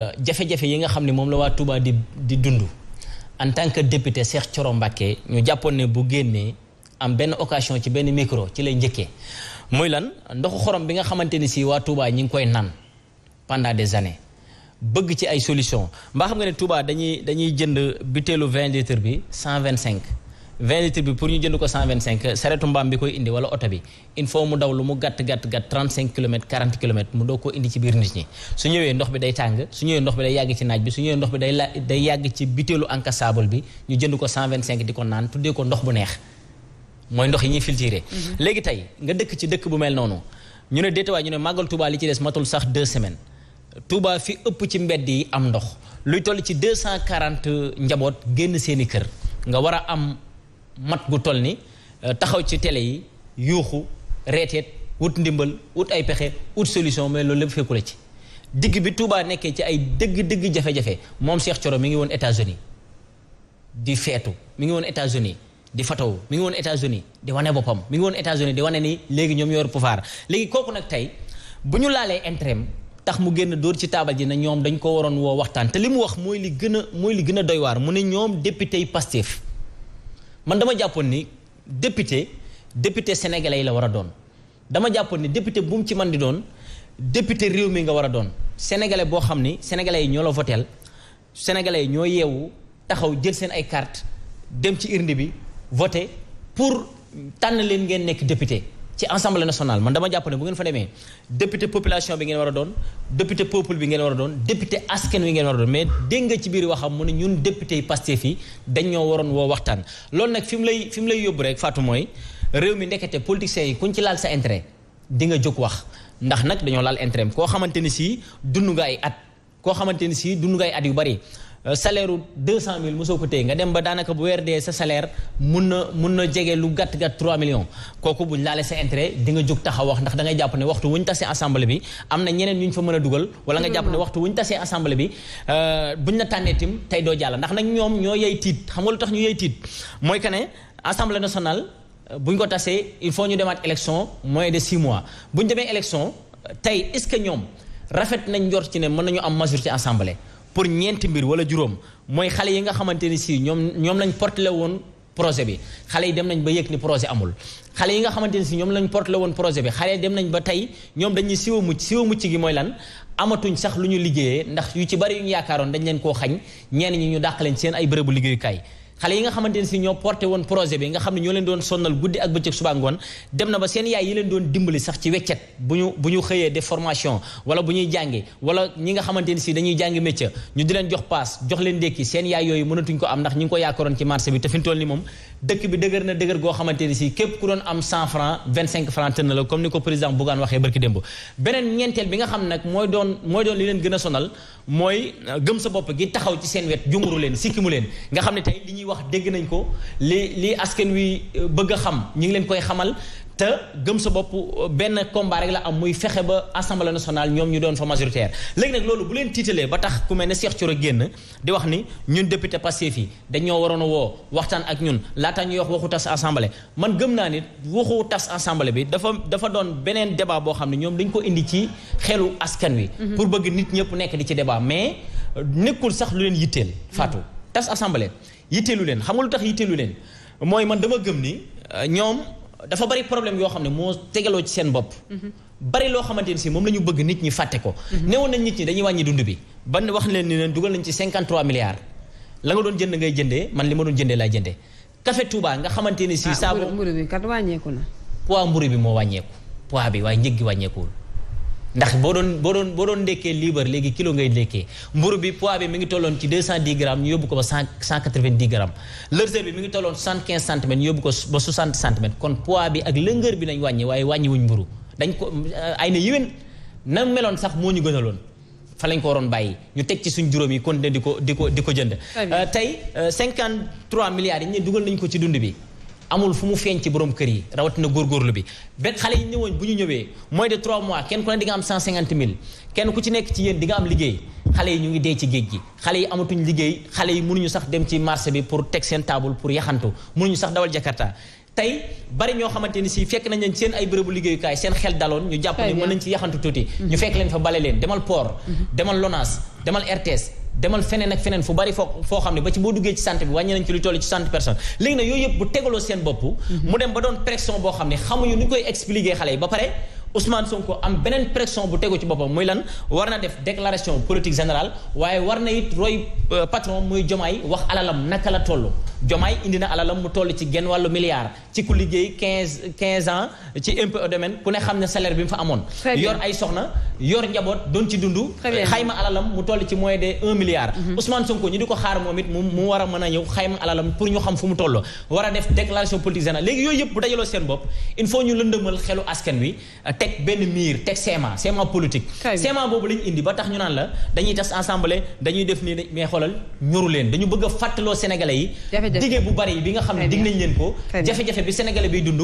Euh, jafe-jafe yi nga xam ne moom la waa Touba di di dund en tant que député Cheikh Thioro Mbacké ñu jàppoon ne bu génnee am benn occasion ci benn micro ci lay njëkkee muy lan ndoxu xorom bi nga xamante ni si waa Touba ñi ngi koy naan pendant des années bëgg ci ay solution mbaa xam nga ne Touba dañuy dañuy jënd butéelu vingt litres bi 125. vingt litres bi pour ñu jënd ko cent vingt cinq saretu mbaam bi koy indi wala oto bi il faut mu daw lu mu gàtt gàtt gàtt trente cinq kilomètres quarante kilomètres mu doo ko indi ci biir nit ñi su ñëwee ndox bi day tàng su ñëwee ndox bi day yàgg ci naaj bi su ñëwee ndox bi day la day yàgg ci bitéelu encassable bi ñu jënd ko cent cinq di ko naan tuddee ko ndox bu neex mooy ndox yi mhm. ñu ne déetawaay ñu ne màggal Touba li ci des matul sax deux fi ëpp ci mbedd yi am ndox luy toll ci deux cent quarante njaboot génn seeni kër nga war a mat gu toll ni euh, taxaw ci télé yi yuuxu reeteet wut ndimbal wut ay pexe wut solution mais loolu lépp fekku la ci digg bi Touba nekkee ci ay dëgg-dëgg jafe-jafe moom Cheikh Thioro mi ngi woon États-Unis di feetu mi ngi woon États-Unis di fataw mu ngi woon États-Unis di wane boppam mi ngi woon États-Unis di wane ni léegi ñoom yor pouvoir léegi kooku nag tey bu ñu laalee intrem tax mu génn dóor ci taabal ji na ñoom dañ ko waroon woo waxtaan te li mu wax mooy li gën a mooy li gën a doy waar mu ne ñoom député yi Pastef man dama jàppoon ni député député sénégalais yi la war a doon dama jàppoon ni député bu mu ci man di doon député réew mi nga war a doon sénégalais boo xam ni sénégalais yi ñoo la voteel sénégalais yi ñoo yeewu taxaw jël seen ay carte dem ci urne bi voté pour tànn leen ngeen nekk député ci assemblée nationale man dama jàpp ne bu ngeen fa demee député population bi ngeen war a doon député peuple bi ngeen war a doon député askan wi ngeen war a doon mais dégg nga ci biir waxam mu ne ñun député yi Pastef yi dañ ñoo waroon woo waxtaan. loolu nag fi mu lay fi mu lay yóbbu rek Fatou mooy réew mi ndekete politiciens yi kuñ ci laal sa intérêt di nga jóg wax ndax nag dañoo laal intérêt koo xamante ni si dund nga ay at koo xamante ni si dund at yu bari. Euh, salaire u deux cent mille mosoo ko téye nga dem ba daanaka bu weer dee sa salaire mun na mun na jege lu gàtt gàtt trois millions kooku buñ laalee sa intérêt di nga jóg taxaw wax ndax da jàpp ne waxtu wuñ tasee assemblée bi am na ñeneen ñu fa mën a dugal wala nga jàpp ne waxtu wuñ tasee assemblée bi euh, buñ la tànnee tim tey doo jàll ndax nag ñoom ñoo yey tiit xam nga lu tax ñu yey tiit mooy que ne assemblée nationale euh, bu ñu ko tasee il faut ñu demaat élection moins de six mois bu ñu demee élection tey est-ce que ñoom rafet nañ jor ci ne mën nañu am majorité assemblée pour ñeenti mbir wala juróom mooy xale yi nga xamante ni si ñoom ñoom lañ portelé woon projet bi xale yi dem nañ ba yëg ni projet amul xale yi xamante ni si ñoom lañ portelé woon projet bi xale dem nañ ba tey ñoom dañuy siwa mucc siwa mucc gi mooy lan amatuñ sax lu ñu liggéeyee ndax yu ci bari yu ñu yaakaaroon dañ leen koo xañ ñenn ñi ñu dàq leen seen ay bërëbu liggéeyukaay xale yi nga xamante ne si ñoo porté woon projet bi nga xam ne ñoo leen doon sonnal guddi ak bëccëg suba ngoon dem na ba seen yaay yi leen doon dimbali sax ci weccet bu ñu bu ñu xëyee def formation wala bu ñuy jàngi wala ñi nga xamante ne si dañuy jàngi métier ñu di leen jox paas jox leen dékki seen yaay yooyu mënatuñ ko am ndax ñi ngi ko yaakaaroon ci marché bi te fi mu ni moom dëkk bi dëgër na dëgër goo xamante ni si képp ku doon am 100 francs 25 francs tën na la comme ni ko président Bougane waxee barki démb beneen ñeenteel bi nga xam nag mooy doon mooy doon li leen gën a sonal mooy euh, gëm sa bopp gi taxaw ci seen wet junguru leen sikkimu leen nga xam ne tey li ñuy wax dégg nañ ko li li askan wi euh, bëgg a xam ñi ngi leen koy xamal te gëm sa bopp benn combat rek la am muy fexe ba assemblée nationale ñoom ñu doon fa majoritaire léegi nag loolu bu leen tiitalee ba tax ku mel ne Cheikh Thioro génn di wax ni ñun député Pastef fii dañoo waroon a woo waxtaan ak ñun laata ñuy wax waxu tas assemblée man gëm naa ni waxu tas assemblée bi dafa dafa doon beneen débat boo xam ne ñoom dañ ko indi ci xelu askan wi. Mhm. pour bëgg nit ñëpp nekk di ci débat mais nekkul sax lu leen yitteel. Fatou mhm. tas assemblée yitteelu leen xam nga lu tax leen mooy man dama gëm ni euh, ñoom. dafa bari problème yoo xam ne moo tegaloo ci seen bopp. bari loo xamante ne si moom la ñu bëgg nit ñi fàtte ko. newoon nañ nit ñi dañuy wàññi dund bi ban wax leen ni leen dugal nañ ci 53 milliards la nga doon jënd ngay jëndee man li ma doon jëndee laay jëndee. café Touba nga xamante ne si. Ah, saa mburu bi kat wàññeeku na. poids mburu bi moo wàññeeku pois bi waaye njëg gi ndax boo doon boo doon boo doon ndekkee liibar léegi kilo ngay ndekkee mburu bi poids bi mi ngi tolloon ci 210 grammes ñu yóbbu ko ba 190 grammes lërsër bi mi ngi tolloon 75 centimètres ñu yóbbu ko ba 60 centimètres kon poids bi ak lëngër bi lañ wàññi waaye wàññi wuñ mburu dañ ko mm, ay na yiwén na meloon sax moo ñu gënaloon fa lañ ko waroon bàyyi ñu teg ci suñ juróom yi continuer di ko di ko di ko jënd euh, tey 53 euh, milliards yi ñu dugal nañ ko ci dund bi amul fu mu feeñ ci borom kër yi rawatina góorgóorlu bi ba xale yi ñëwoon bu ñu ñëwee moins de 3 mois kenn ku ne di nga am 150 000 kenn ku ci nekk ci yéen di am liggéey xale yi ñu ngi dee ci géej gi xale yi amatuñ liggéey xale yi mënuñu sax dem ci marché bi pour teg seen table pour yaxantu mënuñu sax dawal jakarta tey bari ñoo xamante ni si fekk nañ leen seen ay bërëbu liggéeyukaay seen xel daloon ñu jàpp ni mën nañ ci yaxantu tuuti mm-hmm. ñu fekk leen fa bale leen demal port mm-hmm. demal Lonase demal RTS demal feneen ak feneen fu bari foo foo xam ne ba ci boo duggee ci santé bi wàññi nañ ci lu toll ci cent personnes léegi nag yooyu yëpp bu tegaloo seen bopp mhm. mu dem ba doon pression boo xam ne xamuñu nu ñu koy expliquer xale yi ba pare Ousmane Sonko am beneen pression bu tegu ci boppam muy lan war na def déclaration politique générale waaye war na it roy euh, patron muy jomaay wax alalam naka la toll Jomaay indi na alalam mu toll ci genn wàllu milliard ci ku liggéey quinze quinze ans ci impôt au ku ne xam ne salaire bi mu fa amoon. yor ay soxna yor njaboot doon ci dund. xayma alalam mu toll ci moyen de un milliard. Mhm. Ousmane Sonko ñu di ko xaar moom it mu mu war a mën a ñëw xayma alalam pour ñu xam fu mu toll. war a def déclaration politique générale léegi yooyu yëpp bu dajaloo seen bopp il faut ñu lëndëmal xelu askan wi euh, teg benn miir teg seema seema politique. seema boobu lañ tax ñu naan la dañuy tas assemblée dañuy def nii mais xoolal ñoru leen dañu bëgg a fàttaloo sénégalais yi jafe-jafe bu bari bi nga xam ne digg nañ leen ko jafe-jafe bi sénégalais biy dund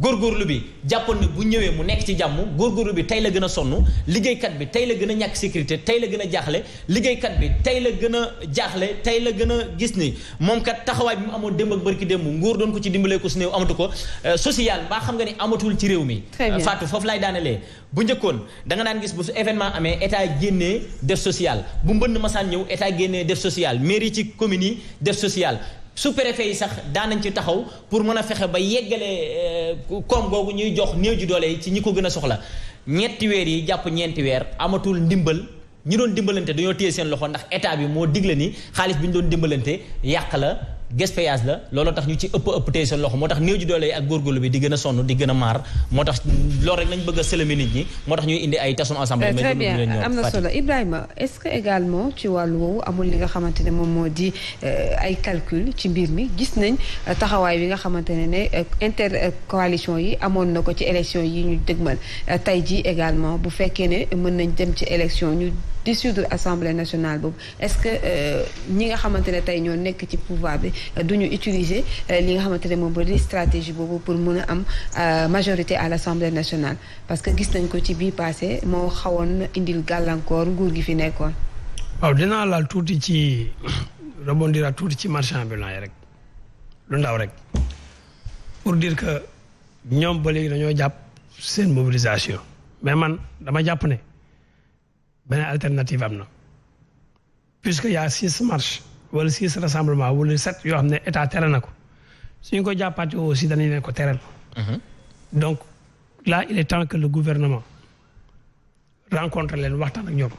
góor góorlu bi jàppoon ne bu ñëwee mu nekk ci jàmm góorgóorlu bi tey la gën a sonn liggéeykat bi tey la gën a ñàkk sécurité tey la gën a jaaxle liggéeykat bi tey la gën a jaaxle tey la gën a gis ni moom kat taxawaay bi mu amoon démb ak barki démb nguur doon ko ci dimbalee ko su néew amatu ko euh, social baa xam nga ni amatul ci réew mi euh, Fatou foofu laay daanelee bu njëkkoon da nga gis bu su événement amee état génnee def social bu mbënn masaan ñëw état génnee def social mairie ci commune yi def social sous-préfet yi sax daanañ ci taxaw pour mën a fexe ba yeggale euh, koom googu ñuy jox néew ji doole yi ci ñi ko gën a soxla ñetti weer yi jàpp ñeenti weer amatul ndimbal ñi doon dimbalante dañoo téye seen loxo ndax état bi moo digle ni xaalis bi ñu doon dimbalante yàq la gaspillage la looloo tax ñu ci ëpp ëpp tey seen loxo moo tax néew ji doole yi ak góorgóorlu bi di gën a sonn di gën a maar moo tax loolu rek nañ bëgg a sëlëmi nit ñi moo tax ñuy indi ay tasum ensemble. Eh, très bien am na solo Ibrahima est-ce que ci wàllu woowu amul li nga xamante ne moom moo di euh, ay calcul ci mbir mi gis nañ euh, taxawaay bi nga xamante ne ne euh, intercoalition yi amoon na ko ci élection yi ñu dëgmal tey ji également bu fekkee ne mën nañ dem ci élection ñu. di suivre assemblée nationale boobu est-ce que euh, ñi nga xamante ne tey ñoo nekk ci pouvoir bi euh, du ñu utiliser euh, li nga xamante ne moom ba di stratégie boobu pour mën a am majorité à l'assemblée nationale parce que gis nañ ko ci bii passé moo xawoon indil gàllankoor nguur gi fi nekkoon. waaw dinaa laal tuuti ci rebondira tuuti ci marchand ambulant yi rek lu ndaw rek pour dire que ñoom ba léegi dañoo jàpp seen mobilisation mais dama jàpp ne. beneen alternative am na puisque y' a six marches wala six rassemblement wala sept yoo xam ne état tere na ko suñ ko jàppaate aussi danañ leen ko tereel. Mhm. donc là il est temps que le gouvernement rencontre leen waxtaan ak ñoom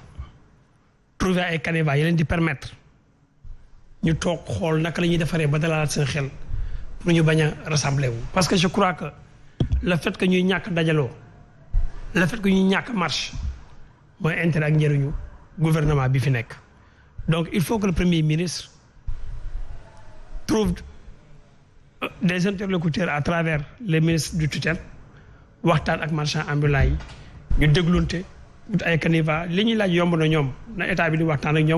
trouver ay di permettre ñu toog xool naka la ñuy defaree ba dalalaat seen xel pour ñu bañ a rassembler wu. parce que je crois que le fait que ñuy ñàkk dajaloo le fait que ñuy ñàkk marche. mooy intérêt ak njëriñu gouvernement bi fi nekk donc il faut que le premier ministre trouve euh, des interlocuteurs à travers les ministres du tutelle waxtaan ak marchand ambulant yi ñu déglunte wut ay kaniva li ñuy laaj yomb na ñoom na état bi di waxtaan ak ñoom